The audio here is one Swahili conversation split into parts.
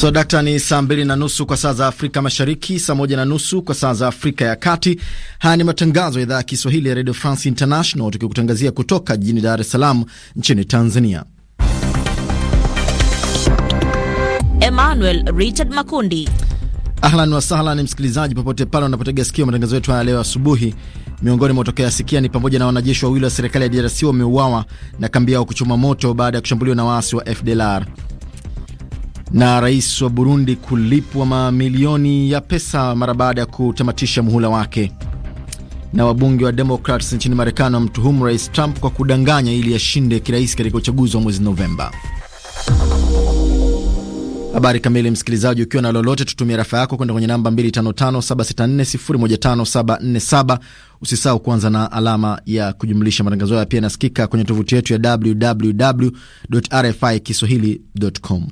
So dakta, ni saa mbili na nusu kwa saa za Afrika Mashariki, saa moja na nusu kwa saa za Afrika ya Kati. Haya ni matangazo ya idhaa ya Kiswahili ya Radio France International, tukikutangazia kutoka jijini Dar es Salaam nchini Tanzania. Emmanuel Richard Makundi. Ahlan wasahlan, msikilizaji popote pale unapotega sikio matangazo yetu haya leo asubuhi. Miongoni mwa matokeo yasikia ni pamoja na wanajeshi wawili wa serikali ya DRC wameuawa na kambi yao kuchoma moto baada ya kushambuliwa na waasi wa FDLR. Na rais wa Burundi kulipwa mamilioni ya pesa mara baada ya kutamatisha muhula wake. Na wabunge wa Democrats nchini Marekani wamtuhumu rais Trump kwa kudanganya ili ashinde kirahisi katika uchaguzi wa mwezi Novemba. Habari kamili, msikilizaji, ukiwa na lolote, tutumia rafa yako kwenda kwenye namba 255764015747. Usisahau kuanza na alama ya kujumlisha. Matangazo haya pia yanasikika kwenye tovuti yetu ya www rfi kiswahilicom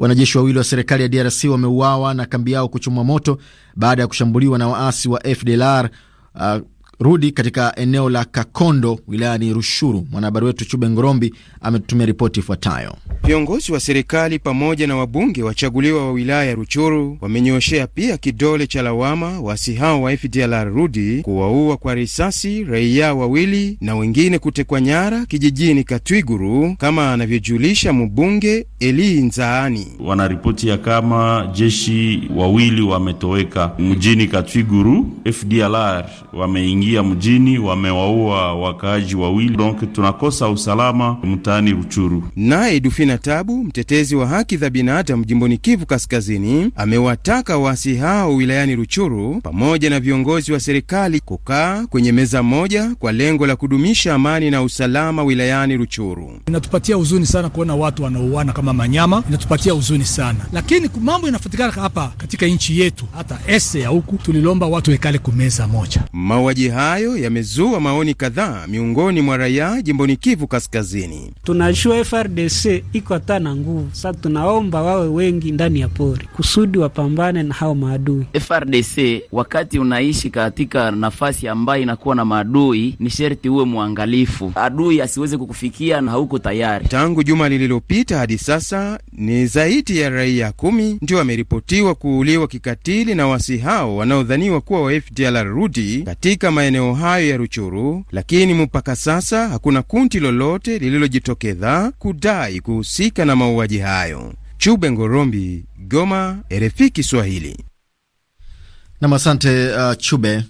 Wanajeshi wawili wa serikali ya DRC wameuawa na kambi yao kuchomwa moto baada ya kushambuliwa na waasi wa FDLR uh, Rudi katika eneo la Kakondo wilayani Rushuru. Mwanahabari wetu Chube Ngorombi ametutumia ripoti ifuatayo. Viongozi wa serikali pamoja na wabunge wachaguliwa wa wilaya ya Ruchuru wamenyoshea pia kidole cha lawama wasi hao wa FDLR Rudi kuwaua kwa risasi raia wawili na wengine kutekwa nyara kijijini Katwiguru, kama anavyojulisha mbunge Eli Nzaani. Wanaripoti ya kama jeshi wawili wametoweka mjini Katwiguru, FDLR wameingia wameingia mjini, wamewaua wakaaji wawili, donc tunakosa usalama mtaani Ruchuru. Naye Dufina Tabu, mtetezi wa haki za binadamu jimboni Kivu Kaskazini, amewataka waasi hao wilayani Ruchuru pamoja na viongozi wa serikali kukaa kwenye meza moja kwa lengo la kudumisha amani na usalama wilayani Ruchuru. Inatupatia huzuni sana kuona watu wanauana kama manyama, inatupatia huzuni sana lakini mambo inafatikana hapa katika nchi yetu, hata ese ya huku tulilomba watu wekale kumeza moja mauaji hayo yamezua maoni kadhaa miongoni mwa raia jimboni Kivu Kaskazini. Tunajua FRDC iko hata na nguvu sasa, tunaomba wawe wengi ndani ya pori kusudi wapambane na hao maadui. FRDC wakati unaishi katika nafasi ambayo inakuwa na maadui, ni sherti uwe mwangalifu, adui asiweze kukufikia na hauko tayari. Tangu juma lililopita hadi sasa ni zaidi ya raia kumi ndio wameripotiwa kuuliwa kikatili na wasi hao wanaodhaniwa kuwa wa FDLR rudi katika maeneo maeneo hayo ya Ruchuru, lakini mpaka sasa hakuna kundi lolote lililojitokeza kudai kuhusika na mauaji hayo. Chube Ngorombi, Goma, RFI Kiswahili. Nam, asante uh, Chube.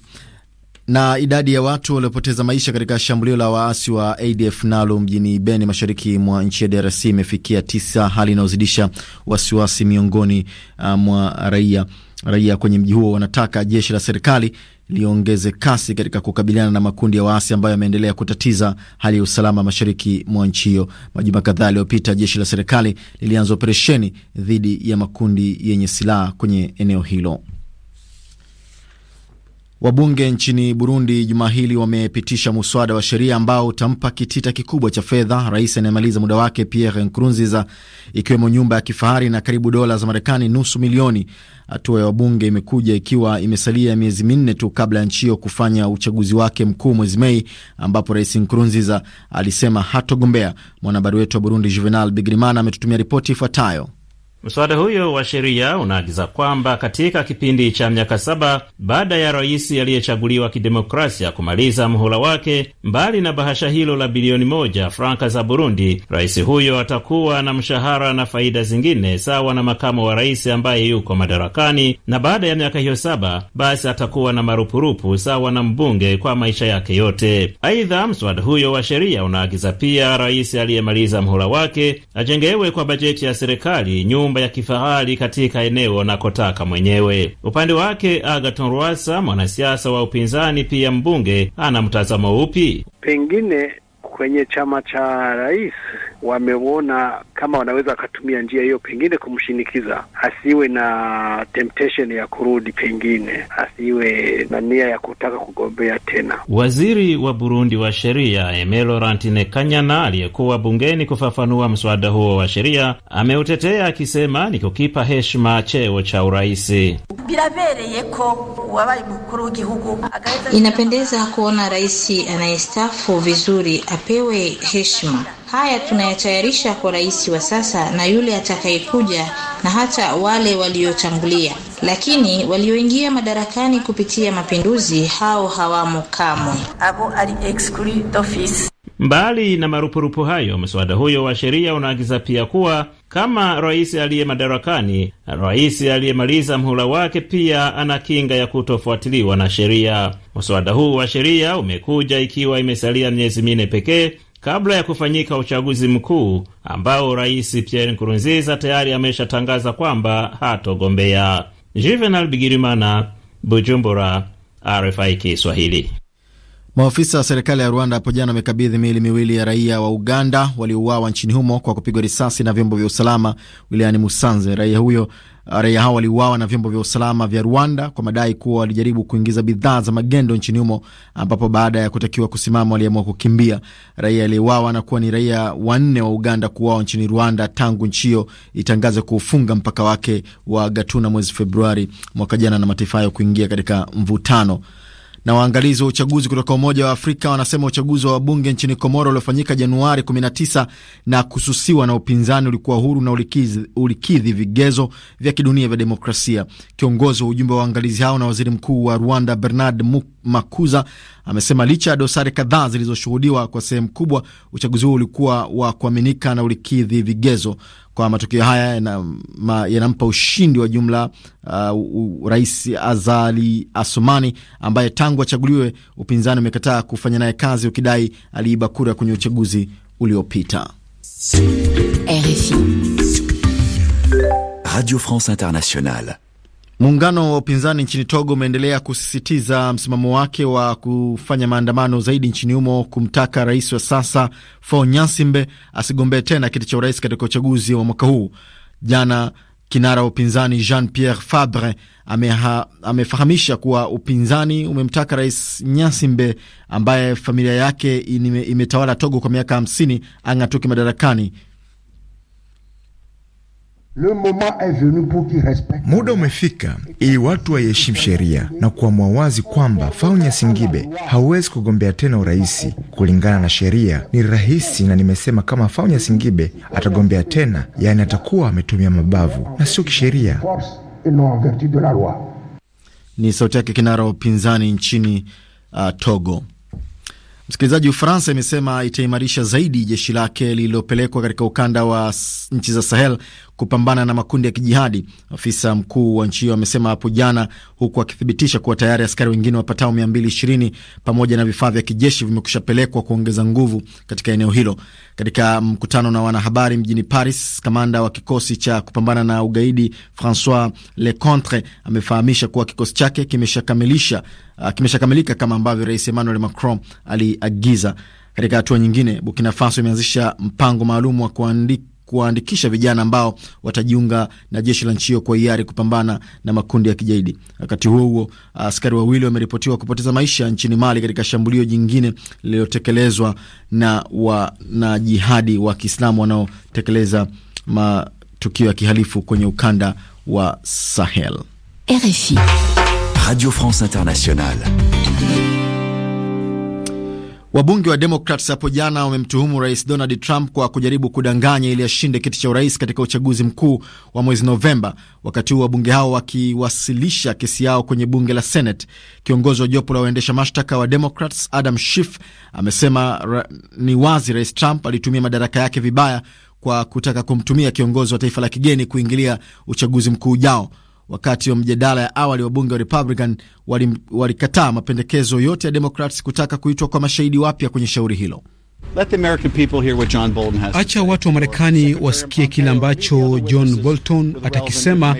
Na idadi ya watu waliopoteza maisha katika shambulio la waasi wa ADF nalo mjini Beni, mashariki mwa nchi ya DRC imefikia tisa, hali inayozidisha wasiwasi miongoni uh, mwa raia. Raia kwenye mji huo wanataka jeshi la serikali liongeze kasi katika kukabiliana na makundi ya waasi ambayo yameendelea kutatiza hali ya usalama mashariki mwa nchi hiyo. Majuma kadhaa yaliyopita, jeshi la serikali lilianza operesheni dhidi ya makundi yenye silaha kwenye eneo hilo. Wabunge nchini Burundi juma hili wamepitisha muswada wa sheria ambao utampa kitita kikubwa cha fedha rais anayemaliza muda wake Pierre Nkurunziza, ikiwemo nyumba ya kifahari na karibu dola za Marekani nusu milioni. Hatua ya wabunge imekuja ikiwa imesalia miezi minne tu kabla ya nchi hiyo kufanya uchaguzi wake mkuu mwezi Mei, ambapo rais Nkurunziza alisema hatogombea. Mwanahabari wetu wa Burundi Juvenal Bigirimana ametutumia ripoti ifuatayo. Mswada huyo wa sheria unaagiza kwamba katika kipindi cha miaka saba baada ya rais aliyechaguliwa kidemokrasia kumaliza mhula wake, mbali na bahasha hilo la bilioni moja franka za Burundi, rais huyo atakuwa na mshahara na faida zingine sawa na makamu wa rais ambaye yuko madarakani, na baada ya miaka hiyo saba basi atakuwa na marupurupu sawa na mbunge kwa maisha yake yote. Aidha, mswada huyo wa sheria unaagiza pia rais aliyemaliza mhula wake ajengewe kwa bajeti ya serikali nyumba nyumba ya kifahari katika eneo anakotaka mwenyewe. Upande wake agaton Rwasa, mwanasiasa wa upinzani pia mbunge, ana mtazamo upi? Pengine kwenye chama cha rais wamemwona kama wanaweza wakatumia njia hiyo, pengine kumshinikiza asiwe na temptation ya kurudi, pengine asiwe na nia ya kutaka kugombea tena. Waziri wa Burundi wa sheria Emelorantine Kanyana aliyekuwa bungeni kufafanua mswada huo wa sheria ameutetea akisema ni kukipa heshima cheo cha uraisi birabereye ko uwabaye mukuru w'igihugu inapendeza kuona rais anayestafu vizuri apewe heshima. Haya tunayatayarisha kwa rais wa sasa na yule atakayekuja na hata wale waliotangulia, lakini walioingia madarakani kupitia mapinduzi hao hawamo kamwe. Abo d'office Mbali na marupurupu hayo, mswada huyo wa sheria unaagiza pia kuwa kama rais aliye madarakani, rais aliyemaliza mhula wake pia ana kinga ya kutofuatiliwa na sheria. Mswada huu wa sheria umekuja ikiwa imesalia miezi minne pekee kabla ya kufanyika uchaguzi mkuu ambao rais Pierre Nkurunziza tayari ameshatangaza kwamba hatogombea. Juvenal Bigirimana, Bujumbura, RFI Kiswahili. Maafisa wa serikali ya Rwanda hapo jana wamekabidhi miili miwili ya raia wa Uganda waliouawa nchini humo kwa kupigwa risasi na vyombo vya usalama wilayani Musanze. Raia huyo raia hao waliuawa na vyombo vya usalama vya Rwanda kwa madai kuwa walijaribu kuingiza bidhaa za magendo nchini humo, ambapo baada ya kutakiwa kusimama waliamua kukimbia. Raia aliyeuawa na kuwa ni raia wanne wa Uganda kuuawa nchini Rwanda tangu nchi hiyo itangaze kuufunga mpaka wake wa Gatuna mwezi Februari mwaka jana na mataifa hayo kuingia katika mvutano. Na waangalizi wa uchaguzi kutoka Umoja wa Afrika wanasema uchaguzi wa wabunge nchini Komoro uliofanyika Januari 19 na kususiwa na upinzani ulikuwa huru na ulikidhi, ulikidhi vigezo vya kidunia vya demokrasia. Kiongozi wa ujumbe wa waangalizi hao na waziri mkuu wa Rwanda Bernard Makuza amesema licha ya dosari kadhaa zilizoshuhudiwa, kwa sehemu kubwa uchaguzi huo ulikuwa wa kuaminika na ulikidhi vigezo kwa matokeo haya yanampa ushindi wa jumla uh, Rais Azali Asumani ambaye tangu achaguliwe upinzani umekataa kufanya naye kazi ukidai aliiba kura kwenye uchaguzi uliopita. Radio France Internationale Muungano wa upinzani nchini Togo umeendelea kusisitiza msimamo wake wa kufanya maandamano zaidi nchini humo kumtaka rais wa sasa Faure nyasimbe asigombee tena kiti cha urais katika uchaguzi wa mwaka huu. Jana kinara wa upinzani Jean Pierre Fabre amefahamisha kuwa upinzani umemtaka rais Nyasimbe ambaye familia yake imetawala Togo kwa miaka hamsini ang'atuke madarakani. Muda umefika ili watu waiheshimu sheria na kuamua wazi kwamba Faunya Singibe hauwezi kugombea tena uraisi kulingana na sheria. Ni rahisi, na nimesema kama Faunya Singibe atagombea tena, yaani atakuwa ametumia mabavu na sio kisheria. Ni sauti yake kinara wa upinzani nchini uh, Togo. Msikilizaji, Ufaransa imesema itaimarisha zaidi jeshi lake lililopelekwa katika ukanda wa nchi za Sahel kupambana na makundi ya kijihadi, afisa mkuu wa nchi hiyo amesema hapo jana, huku akithibitisha kuwa tayari askari wengine wapatao 220 pamoja na vifaa vya kijeshi vimekushapelekwa kuongeza nguvu katika eneo hilo. Katika mkutano na wanahabari mjini Paris, kamanda wa kikosi cha kupambana na ugaidi Francois Lecontre amefahamisha kuwa kikosi chake kimeshakamilisha uh, kimeshakamilika kama ambavyo Rais Emmanuel Macron aliagiza. Katika hatua nyingine, Burkina Faso imeanzisha mpango maalum wa kuandika kuwaandikisha vijana ambao watajiunga na jeshi la nchi hiyo kwa hiari kupambana na makundi ya kijaidi. Wakati huo huo, askari wawili wameripotiwa kupoteza maisha nchini Mali katika shambulio jingine lililotekelezwa na wanajihadi wa Kiislamu wanaotekeleza matukio ya kihalifu kwenye ukanda wa Sahel. RFI Radio France Internationale. Wabunge wa demokrats hapo jana wamemtuhumu Rais Donald Trump kwa kujaribu kudanganya ili ashinde kiti cha urais katika uchaguzi mkuu wa mwezi Novemba, wakati huu wabunge hao wakiwasilisha kesi yao kwenye bunge la Senate. Kiongozi wa jopo la waendesha mashtaka wa demokrats Adam Schiff amesema ra, ni wazi Rais Trump alitumia madaraka yake vibaya kwa kutaka kumtumia kiongozi wa taifa la kigeni kuingilia uchaguzi mkuu ujao. Wakati wa mjadala ya awali, wabunge wa Republican walikataa wali mapendekezo yote ya Democrats kutaka kuitwa kwa mashahidi wapya kwenye shauri hilo. Acha watu wa Marekani wasikie kile ambacho John Bolton atakisema,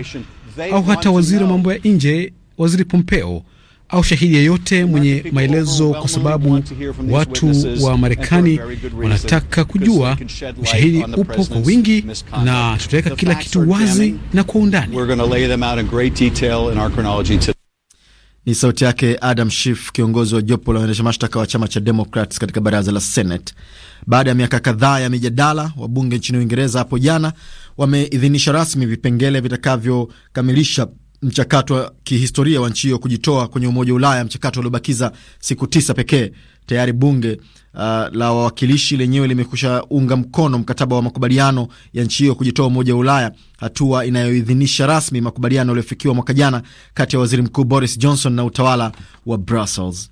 au hata waziri wa mambo ya nje, Waziri Pompeo au shahidi yeyote mwenye maelezo, kwa sababu watu wa Marekani wanataka kujua. Ushahidi upo kwa wingi, na tutaweka kila kitu wazi na kwa undani. Ni sauti yake Adam Schiff, kiongozi wa jopo la waendesha mashtaka wa chama cha Democrats katika baraza la Senate. Baada ya miaka kadhaa ya mijadala, wabunge nchini Uingereza hapo jana wameidhinisha rasmi vipengele vitakavyokamilisha mchakato wa kihistoria wa nchi hiyo kujitoa kwenye Umoja wa Ulaya, mchakato uliobakiza siku tisa pekee. Tayari bunge uh, la wawakilishi lenyewe limekusha unga mkono mkataba wa makubaliano ya nchi hiyo kujitoa Umoja wa Ulaya, hatua inayoidhinisha rasmi makubaliano yaliyofikiwa mwaka jana kati ya Waziri Mkuu Boris Johnson na utawala wa Brussels.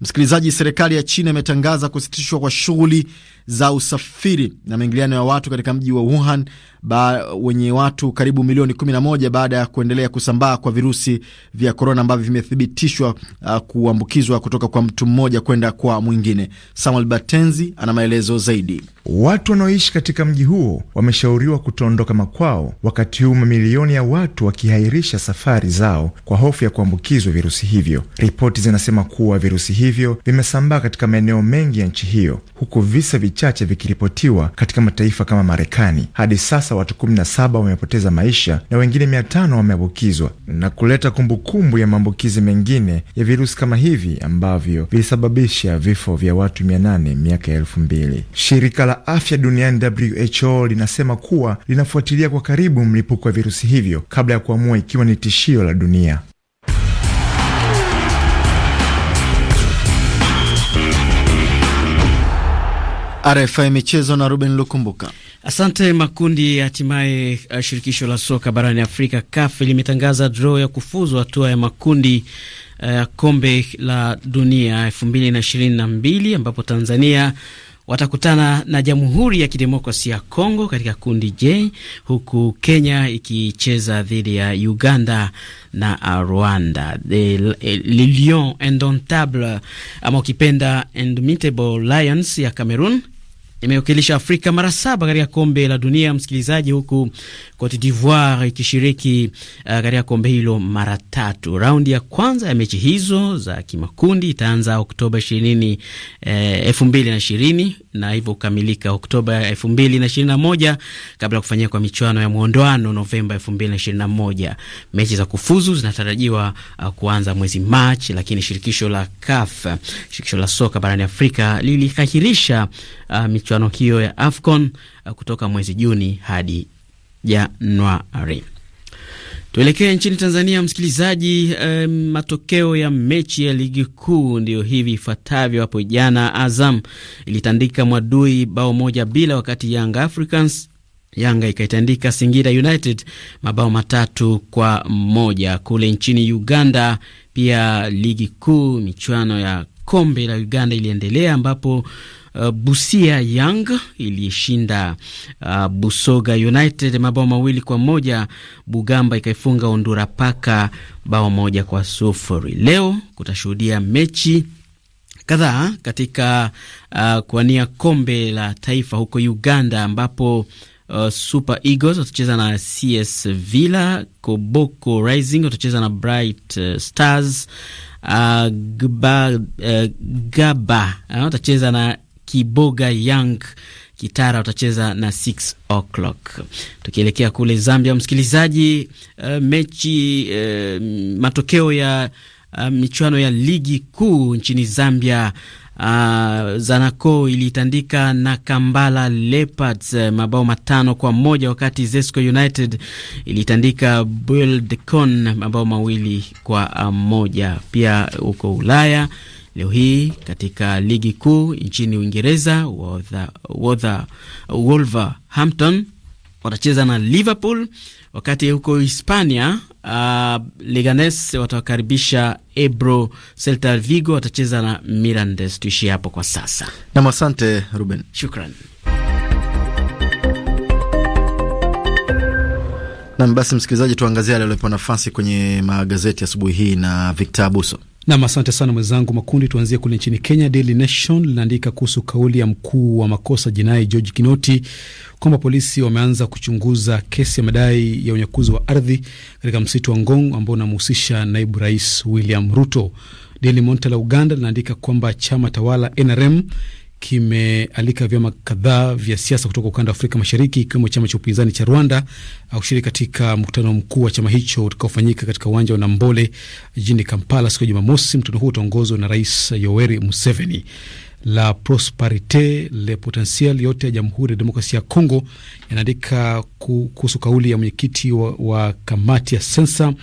Msikilizaji, serikali ya China imetangaza kusitishwa kwa shughuli za usafiri na maingiliano ya watu katika mji wa Wuhan ba, wenye watu karibu milioni 11 baada ya kuendelea kusambaa kwa virusi vya korona ambavyo vimethibitishwa uh, kuambukizwa kutoka kwa mtu mmoja kwenda kwa mwingine. Samuel Batenzi ana maelezo zaidi. Watu wanaoishi katika mji huo wameshauriwa kutoondoka makwao, wakati huu mamilioni ya watu wakihairisha safari zao kwa hofu ya kuambukizwa virusi hivyo. Ripoti zinasema kuwa virusi hivyo vimesambaa katika maeneo mengi ya nchi hiyo, huku visa vichache vikiripotiwa katika mataifa kama Marekani. Hadi sasa watu 17 wamepoteza maisha na wengine 500 wameambukizwa na kuleta kumbukumbu kumbu ya maambukizi mengine ya virusi kama hivi ambavyo vilisababisha vifo vya watu 800 miaka ya 2000. Shirika la Afya Duniani WHO linasema kuwa linafuatilia kwa karibu mlipuko wa virusi hivyo kabla ya kuamua ikiwa ni tishio la dunia. RFI Michezo na Ruben Lukumbuka. Asante makundi. Hatimaye uh, shirikisho la soka barani Afrika CAF limetangaza draw ya kufuzu hatua ya makundi ya uh, kombe la dunia 2022 ambapo Tanzania watakutana na Jamhuri ya Kidemokrasia ya Kongo katika kundi J, huku Kenya ikicheza dhidi ya Uganda na uh, Rwanda. Eh, Le Lion Indomptable ama ukipenda Indomitable Lions ya Cameroon imewakilisha Afrika mara saba katika kombe la dunia, msikilizaji, huku Cote d'Ivoire ikishiriki uh, katika kombe hilo mara tatu. Raundi ya kwanza ya mechi hizo za kimakundi itaanza Oktoba ishirini eh, elfu mbili na ishirini na hivyo kukamilika Oktoba 2021 kabla ya kufanyika kwa michuano ya mwondoano Novemba 2021. Mechi za kufuzu zinatarajiwa uh, kuanza mwezi Machi, lakini shirikisho la CAF, shirikisho la soka barani Afrika liliahirisha uh, michuano hiyo ya AFCON uh, kutoka mwezi Juni hadi Januari. Tuelekee nchini Tanzania, msikilizaji. Eh, matokeo ya mechi ya ligi kuu ndiyo hivi ifuatavyo. Hapo jana Azam ilitandika Mwadui bao moja bila, wakati Young Africans Yanga ikaitandika Singida United mabao matatu kwa moja. Kule nchini Uganda pia ligi kuu, michuano ya kombe la Uganda iliendelea ambapo Uh, Busia Young ilishinda uh, Busoga United mabao mawili kwa moja. Bugamba ikaifunga Ondura Paka bao moja kwa sufuri. Leo kutashuhudia mechi kadhaa katika uh, kuwania kombe la taifa huko Uganda ambapo Uh, Super Eagles watacheza na CS Villa, Koboko Rising watacheza na Bright uh, Stars, uh, Gba, uh, Gaba uh, watacheza na Kiboga Young Kitara watacheza na 6 o'clock. Tukielekea kule Zambia, msikilizaji, uh, mechi uh, matokeo ya uh, michuano ya ligi kuu nchini Zambia Uh, ah, Zanaco ilitandika na Kambala Leopards uh, mabao matano kwa moja wakati Zesco United ilitandika Buildcon mabao mawili kwa ah, moja. Pia huko Ulaya Leo hii katika ligi kuu nchini Uingereza, Wolverhampton watacheza na Liverpool, wakati huko Hispania uh, Leganes watawakaribisha Ebro. Celta Vigo watacheza na Mirandes. Tuishie hapo kwa sasa nam, asante Ruben, shukran. Nam, basi msikilizaji, tuangazie yale yaliyopewa nafasi kwenye magazeti asubuhi hii na Victor Abuso. Nam, asante sana mwenzangu Makundi. Tuanzie kule nchini Kenya. Daily Nation linaandika kuhusu kauli ya mkuu wa makosa jinai George Kinoti kwamba polisi wameanza kuchunguza kesi ya madai ya unyakuzi wa ardhi katika msitu wa Ngong ambao unamhusisha naibu rais William Ruto. Daily Monitor la Uganda linaandika kwamba chama tawala NRM kimealika vyama kadhaa vya siasa kutoka ukanda wa Afrika Mashariki ikiwemo chama cha upinzani cha Rwanda kushiriki katika mkutano mkuu wa chama hicho utakaofanyika katika uwanja wa Nambole jijini Kampala siku ya Jumamosi. Mkutano huo utaongozwa na Rais Yoweri Museveni la Prosperite le Potentiel yote ya Jamhuri ya Demokrasia ya Kongo yanaandika kuhusu kauli ya mwenyekiti wa, wa kamati ya sensa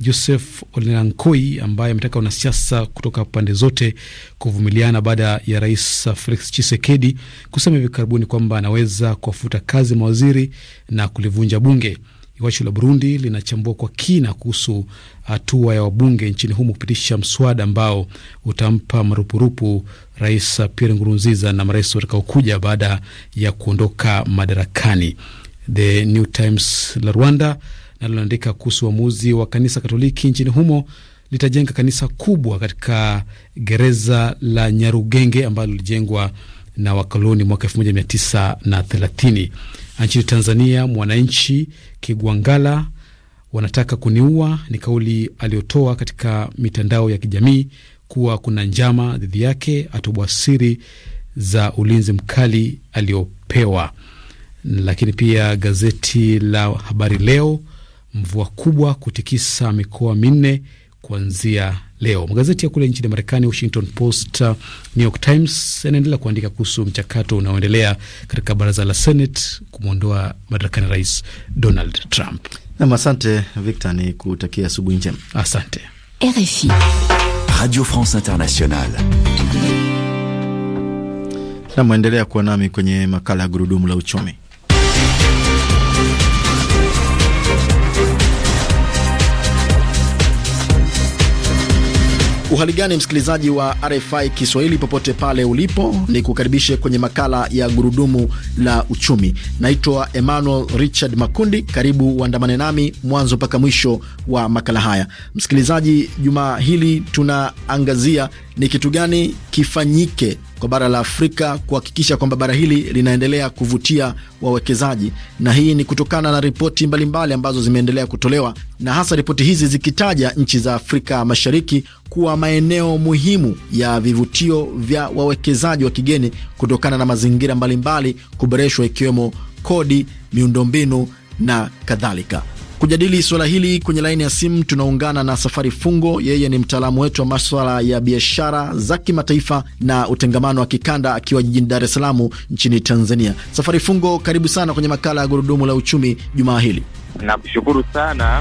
Joseph Olenankoi ambaye ametaka wanasiasa kutoka pande zote kuvumiliana baada ya Rais Felix chisekedi kusema hivi karibuni kwamba anaweza kuwafuta kazi mawaziri na kulivunja bunge. Iwachu la Burundi linachambua kwa kina kuhusu hatua ya wabunge nchini humo kupitisha mswada ambao utampa marupurupu Rais Pierre Nkurunziza na marais watakaokuja baada ya kuondoka madarakani. The New Times la Rwanda nalo linaandika kuhusu uamuzi wa kanisa Katoliki nchini humo litajenga kanisa kubwa katika gereza la Nyarugenge ambalo lilijengwa na wakoloni mwaka 1930. Nchini Tanzania, Mwananchi Kigwangala wanataka kuniua, ni kauli aliyotoa katika mitandao ya kijamii kuwa kuna njama dhidi yake, atobwa siri za ulinzi mkali aliyopewa. Lakini pia gazeti la Habari Leo, mvua kubwa kutikisa mikoa minne kuanzia leo. Magazeti ya kule nchini Marekani, Washington Post, uh, New York Times yanaendelea kuandika kuhusu mchakato unaoendelea katika baraza la Senate kumwondoa madarakani Rais Donald Trump. Nam, asante Victor, ni kutakia asubuhi njema. Asante RFI, Radio France Internationale. Nam, kuwa nami kwenye makala ya gurudumu la uchumi. Uhali gani msikilizaji wa RFI Kiswahili popote pale ulipo, ni kukaribishe kwenye makala ya gurudumu la uchumi. Naitwa Emmanuel Richard Makundi. Karibu uandamane nami mwanzo mpaka mwisho wa makala haya. Msikilizaji, jumaa hili tunaangazia ni kitu gani kifanyike kwa bara la Afrika kuhakikisha kwamba bara hili linaendelea kuvutia wawekezaji, na hii ni kutokana na ripoti mbalimbali ambazo zimeendelea kutolewa, na hasa ripoti hizi zikitaja nchi za Afrika Mashariki kuwa maeneo muhimu ya vivutio vya wawekezaji wa kigeni kutokana na mazingira mbalimbali kuboreshwa, ikiwemo kodi, miundombinu na kadhalika. Kujadili suala hili kwenye laini ya simu tunaungana na Safari Fungo. Yeye ni mtaalamu wetu wa maswala ya biashara za kimataifa na utengamano wa kikanda, akiwa jijini Dar es Salaam nchini Tanzania. Safari Fungo, karibu sana kwenye makala ya Gurudumu la Uchumi jumaa hili. Nakushukuru sana.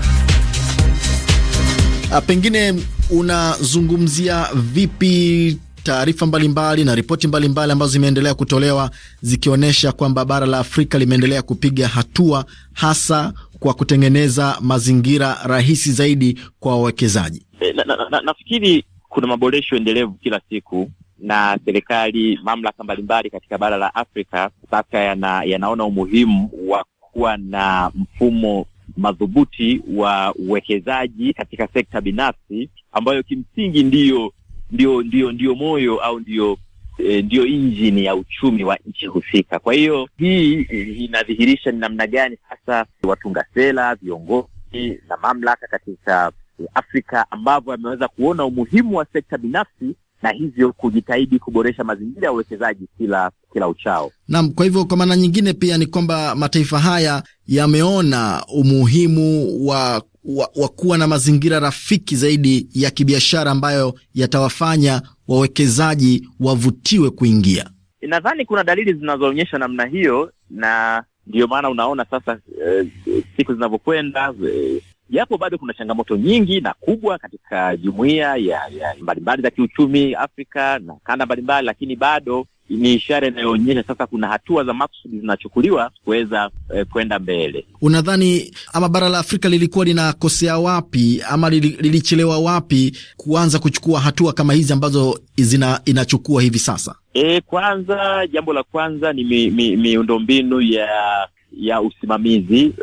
A, ah, pengine unazungumzia vipi taarifa mbalimbali na ripoti mbalimbali ambazo zimeendelea kutolewa zikionyesha kwamba bara la Afrika limeendelea kupiga hatua hasa kwa kutengeneza mazingira rahisi zaidi kwa wawekezaji? E, na, na, na, na kuna maboresho endelevu kila siku na serikali, mamlaka mbalimbali katika bara la Afrika sasa yana, yanaona umuhimu wa kuwa na mfumo madhubuti wa uwekezaji katika sekta binafsi ambayo kimsingi ndiyo, ndio ndio ndio moyo au ndio ndiyo eh, ndio injini ya uchumi wa nchi husika. Kwa hiyo hii inadhihirisha ni namna gani hasa watunga sera, viongozi na mamlaka katika Afrika ambavyo wameweza kuona umuhimu wa sekta binafsi na hivyo kujitahidi kuboresha mazingira ya uwekezaji kila kila uchao. Naam, kwa hivyo kwa maana nyingine pia ni kwamba mataifa haya yameona umuhimu wa wa, wa kuwa na mazingira rafiki zaidi ya kibiashara ambayo yatawafanya wawekezaji wavutiwe kuingia. Nadhani kuna dalili zinazoonyesha namna hiyo, na ndiyo maana unaona sasa eh, siku zinavyokwenda eh, japo bado kuna changamoto nyingi na kubwa katika jumuiya ya, ya mbalimbali za kiuchumi Afrika na kanda mbalimbali, lakini bado ni ishara inayoonyesha sasa kuna hatua za maksudi zinachukuliwa kuweza eh, kwenda mbele. Unadhani ama bara la Afrika lilikuwa linakosea wapi ama lilichelewa wapi kuanza kuchukua hatua kama hizi ambazo zina, inachukua hivi sasa? E, kwanza jambo la kwanza ni miundombinu mi, mi ya ya usimamizi. Eh,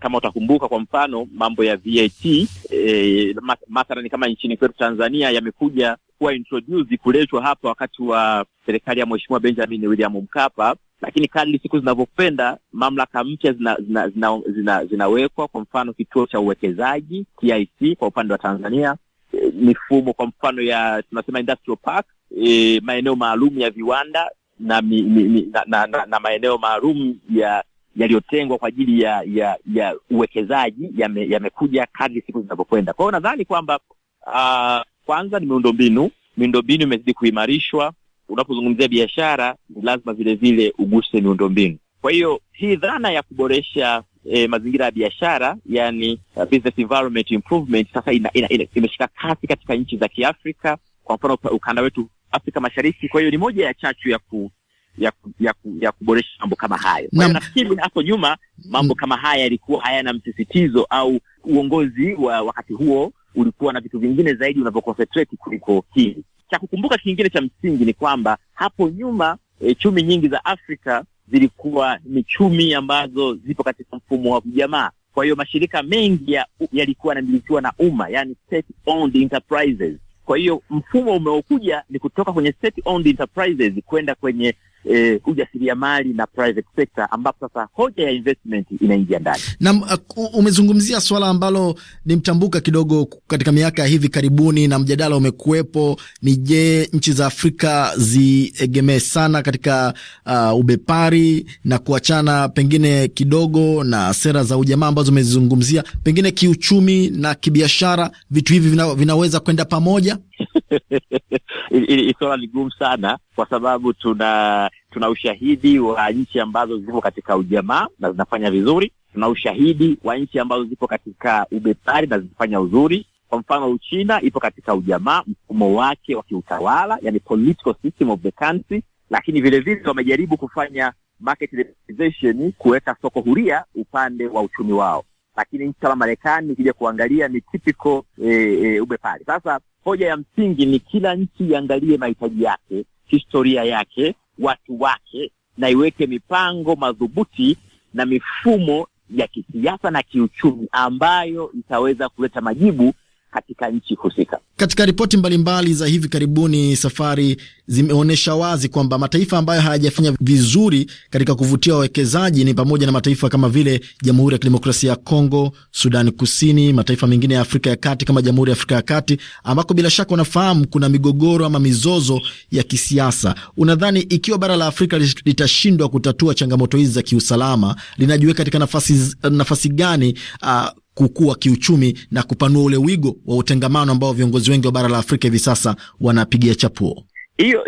kama utakumbuka, kwa mfano mambo ya VAT e, eh, mathalani kama nchini kwetu Tanzania yamekuja kuwa introduce kuletwa hapa wakati wa serikali ya Mheshimiwa Benjamin William Mkapa, lakini kadri siku zinavyokwenda mamlaka mpya zinawekwa zina, zina, zina, zina kwa mfano kituo cha uwekezaji TIC kwa upande wa Tanzania, e, mifumo kwa mfano ya tunasema industrial park e, maeneo maalum ya viwanda na, mi, mi, na, na, na, na maeneo maalum ya yaliyotengwa kwa ajili ya ya ya uwekezaji yamekuja me, ya kadri siku zinavyokwenda. Kwa hiyo nadhani kwamba uh, kwanza ni miundombinu. Miundombinu imezidi kuimarishwa. Unapozungumzia biashara, ni lazima vilevile uguse miundombinu. Kwa hiyo hii dhana ya kuboresha E, mazingira ya biashara yani, uh, business environment improvement sasa ina, ina, ina, imeshika kasi katika nchi za Kiafrika, kwa mfano ukanda wetu Afrika Mashariki. Kwa hiyo ni moja ya chachu ya ku ya, ya, ya kuboresha mambo kama hayo. Kwa hiyo nafikiri hapo nyuma mambo kama haya yalikuwa hayana msisitizo au uongozi wa wakati huo ulikuwa na vitu vingine zaidi unavyoconcentrate kuliko hili. Cha kukumbuka kingine cha msingi ni kwamba hapo nyuma e, chumi nyingi za Afrika zilikuwa ni chumi ambazo zipo katika mfumo wa ujamaa. Kwa hiyo mashirika mengi yalikuwa yanamilikiwa na umma, yani state owned enterprises. Kwa hiyo mfumo umeokuja ni kutoka kwenye state owned enterprises kwenda kwenye eh, ujasiriamali na private sector, ambapo sasa hoja ya investment inaingia ndani. Na uh, umezungumzia swala ambalo ni mtambuka kidogo katika miaka ya hivi karibuni, na mjadala umekuwepo ni je, nchi za Afrika ziegemee sana katika uh, ubepari na kuachana pengine kidogo na sera za ujamaa ambazo umezizungumzia, pengine kiuchumi na kibiashara, vitu hivi vina, vinaweza kwenda pamoja. ili swala gumu sana, kwa sababu tuna tuna ushahidi wa nchi ambazo zipo katika ujamaa na zinafanya vizuri. Tuna ushahidi wa nchi ambazo zipo katika ubepari na zinafanya uzuri. Kwa mfano, Uchina ipo katika ujamaa, mfumo wake wa kiutawala, yani political system of the country, lakini vilevile wamejaribu kufanya market liberalization, kuweka soko huria upande wa uchumi wao, lakini nchi kama Marekani ikija kuangalia ni typical e, e, ubepari. Sasa Hoja ya msingi ni kila nchi iangalie mahitaji yake, historia yake, watu wake, na iweke mipango madhubuti na mifumo ya kisiasa na kiuchumi ambayo itaweza kuleta majibu katika nchi husika. Katika ripoti mbalimbali za hivi karibuni, safari zimeonyesha wazi kwamba mataifa ambayo hayajafanya vizuri katika kuvutia wawekezaji ni pamoja na mataifa kama vile Jamhuri ya Kidemokrasia ya Kongo, Sudan Kusini, mataifa mengine ya Afrika ya Kati kama Jamhuri ya Afrika ya Kati, ambako bila shaka unafahamu kuna migogoro ama mizozo ya kisiasa. Unadhani ikiwa bara la Afrika litashindwa kutatua changamoto hizi za kiusalama, linajiweka katika nafasi, nafasi gani uh, kukua kiuchumi na kupanua ule wigo wa utengamano ambao viongozi wengi wa bara la Afrika hivi sasa wanapigia chapuo. Hiyo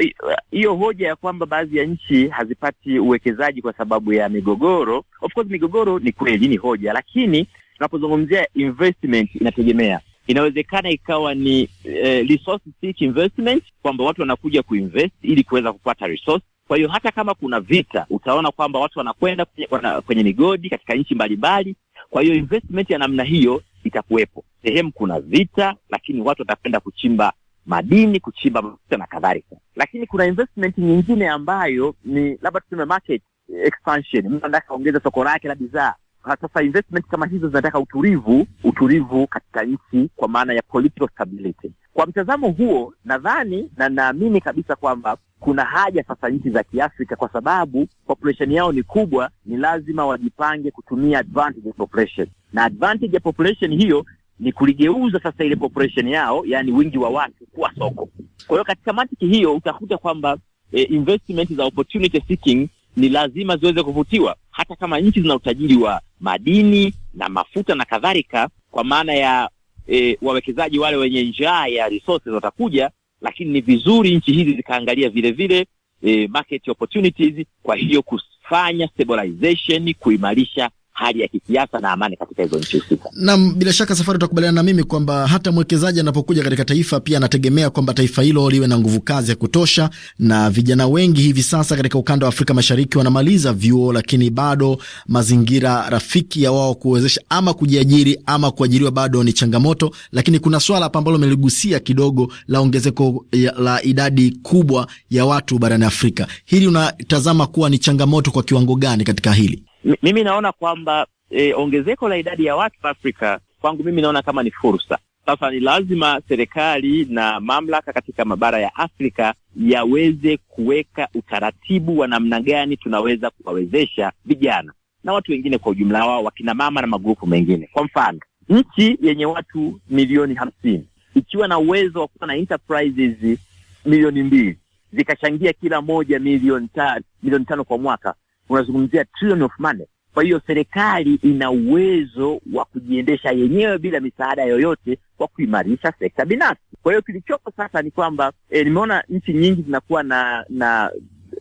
hiyo hoja ya kwamba baadhi ya nchi hazipati uwekezaji kwa sababu ya migogoro, of course migogoro ni kweli, ni hoja, lakini tunapozungumzia investment inategemea inawezekana ikawa ni eh, resource seek investment, kwamba watu wanakuja kuinvest ili kuweza kupata resource. Kwa hiyo hata kama kuna vita, utaona kwamba watu wanakwenda kwenye, kwenye migodi katika nchi mbalimbali kwa hiyo investment ya namna hiyo itakuwepo sehemu, kuna vita, lakini watu watapenda kuchimba madini, kuchimba mafuta na kadhalika. Lakini kuna investment nyingine ambayo ni labda tuseme market expansion, mtu anataka ongeza soko lake la bidhaa. Sasa investment kama hizo zinataka utulivu, utulivu katika nchi, kwa maana ya political stability. Kwa mtazamo huo, nadhani na naamini kabisa kwamba kuna haja sasa nchi za Kiafrika, kwa sababu population yao ni kubwa, ni lazima wajipange kutumia advantage ya population, na advantage ya population hiyo ni kuligeuza sasa ile population yao, yaani wingi wa watu kuwa soko. Kwa hiyo katika mantiki hiyo utakuta kwamba e, investment za opportunity seeking ni lazima ziweze kuvutiwa, hata kama nchi zina utajiri wa madini na mafuta na kadhalika, kwa maana ya e, wawekezaji wale wenye njaa ya resources watakuja, lakini ni vizuri nchi hizi zikaangalia vile vile e, market opportunities, kwa hiyo kufanya stabilization, kuimarisha hali ya kisiasa na amani katika hizo nchi husika. Naam, bila shaka Safari, utakubaliana na mimi kwamba hata mwekezaji anapokuja katika taifa pia anategemea kwamba taifa hilo liwe na nguvu kazi ya kutosha, na vijana wengi hivi sasa katika ukanda wa Afrika Mashariki wanamaliza vyuo, lakini bado mazingira rafiki ya wao kuwezesha ama kujiajiri ama kuajiriwa bado ni changamoto. Lakini kuna swala hapa ambalo meligusia kidogo la ongezeko la idadi kubwa ya watu barani Afrika. Hili unatazama kuwa ni changamoto kwa kiwango gani katika hili? Mimi naona kwamba e, ongezeko la idadi ya watu Afrika kwangu mimi naona kama ni fursa. Sasa ni lazima serikali na mamlaka katika mabara ya Afrika yaweze kuweka utaratibu wa namna gani tunaweza kuwawezesha vijana na watu wengine kwa ujumla wao, wakina mama na magrupu mengine. Kwa mfano, nchi yenye watu milioni hamsini ikiwa na uwezo wa kuwa na enterprises milioni mbili zikachangia kila moja milioni ta, milioni tano kwa mwaka, unazungumzia trillion of money. Kwa hiyo serikali ina uwezo wa kujiendesha yenyewe bila misaada yoyote kwa kuimarisha sekta binafsi. Kwa hiyo kilichopo sasa ni kwamba e, nimeona nchi nyingi zinakuwa na na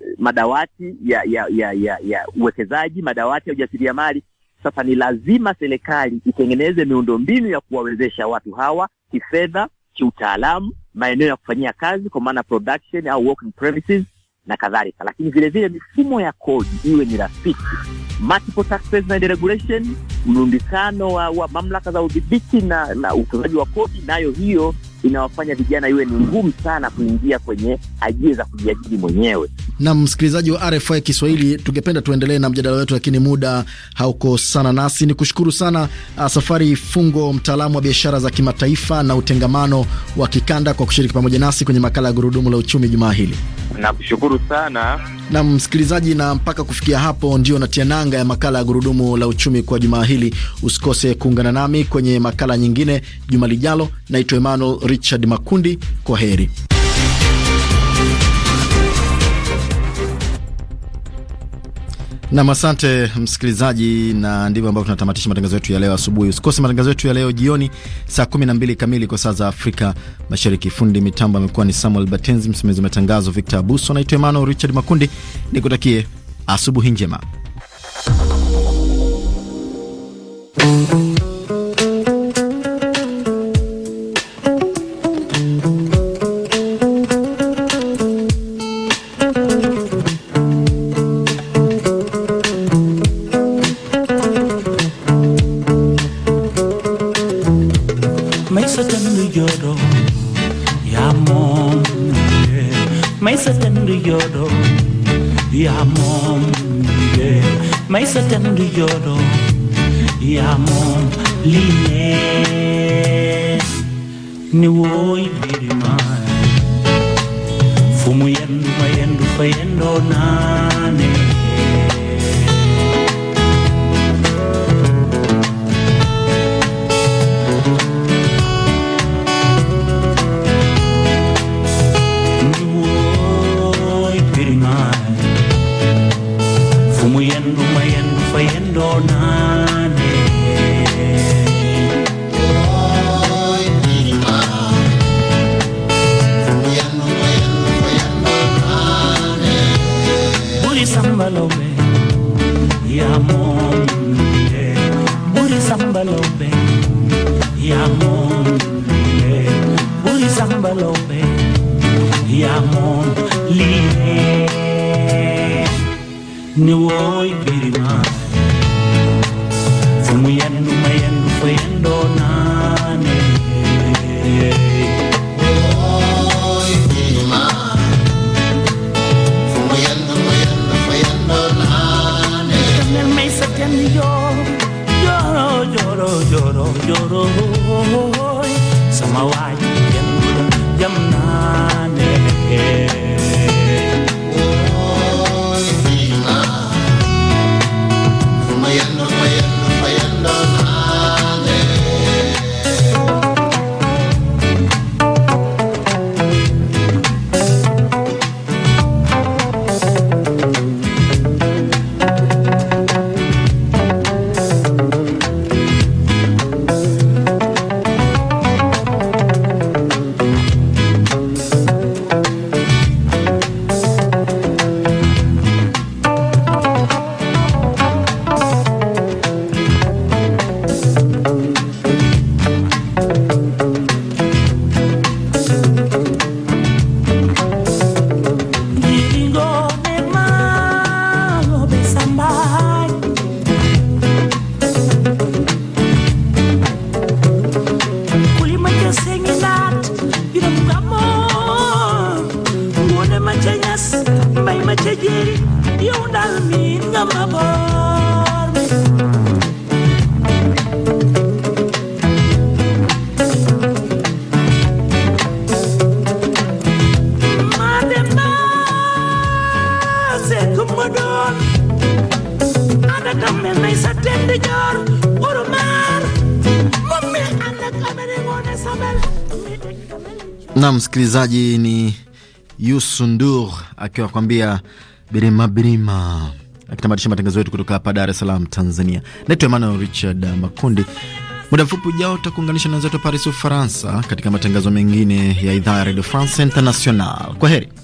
eh, madawati ya ya ya ya, ya uwekezaji, madawati ya ujasiriamali. Sasa ni lazima serikali itengeneze miundombinu ya kuwawezesha watu hawa kifedha, kiutaalamu, maeneo ya kufanyia kazi, kwa maana production au working premises na kadhalika, lakini vilevile mifumo ya kodi iwe ni rafiki. Multiple and regulation, mrundikano wa, wa mamlaka za udhibiti na, na utozaji wa kodi, nayo hiyo inawafanya vijana iwe ni ngumu sana kuingia kwenye ajira za kujiajiri mwenyewe. Na msikilizaji wa RFI Kiswahili, tungependa tuendelee na mjadala wetu, lakini muda hauko sana nasi. Ni kushukuru sana uh, Safari Fungo, mtaalamu wa biashara za kimataifa na utengamano wa kikanda, kwa kushiriki pamoja nasi kwenye makala ya Gurudumu la Uchumi jumaa hili. Nakushukuru sana na msikilizaji, na mpaka kufikia hapo ndio natia nanga ya makala ya Gurudumu la Uchumi kwa jumaa hili. Usikose kuungana nami kwenye makala nyingine juma lijalo. Naitwa Emmanuel Richard Makundi, kwa heri. Nam, asante msikilizaji, na ndivyo ambavyo tunatamatisha matangazo yetu ya leo asubuhi. Usikose matangazo yetu ya leo jioni saa 12 kamili kwa saa za Afrika Mashariki. Fundi mitambo amekuwa ni Samuel Batenzi, msimamizi wa matangazo Victor Abuso. Naitwa Emmanuel Richard Makundi, nikutakie asubuhi njema. lumayan fayendo nane Buri sambalobe ya monde Buri sambalobe ya monde Buri sambalobe ya monde libre ne woy pirima na msikilizaji ni yusundur akiwa kwambia birima birima akitamatisha matangazo yetu kutoka hapa Dar es Salaam, Tanzania. Naitwa Emmanuel Richard Makundi. Muda mfupi ujao utakuunganisha na wenzetu wa Paris, Ufaransa, katika matangazo mengine ya idhaa ya Radio France International. Kwa heri.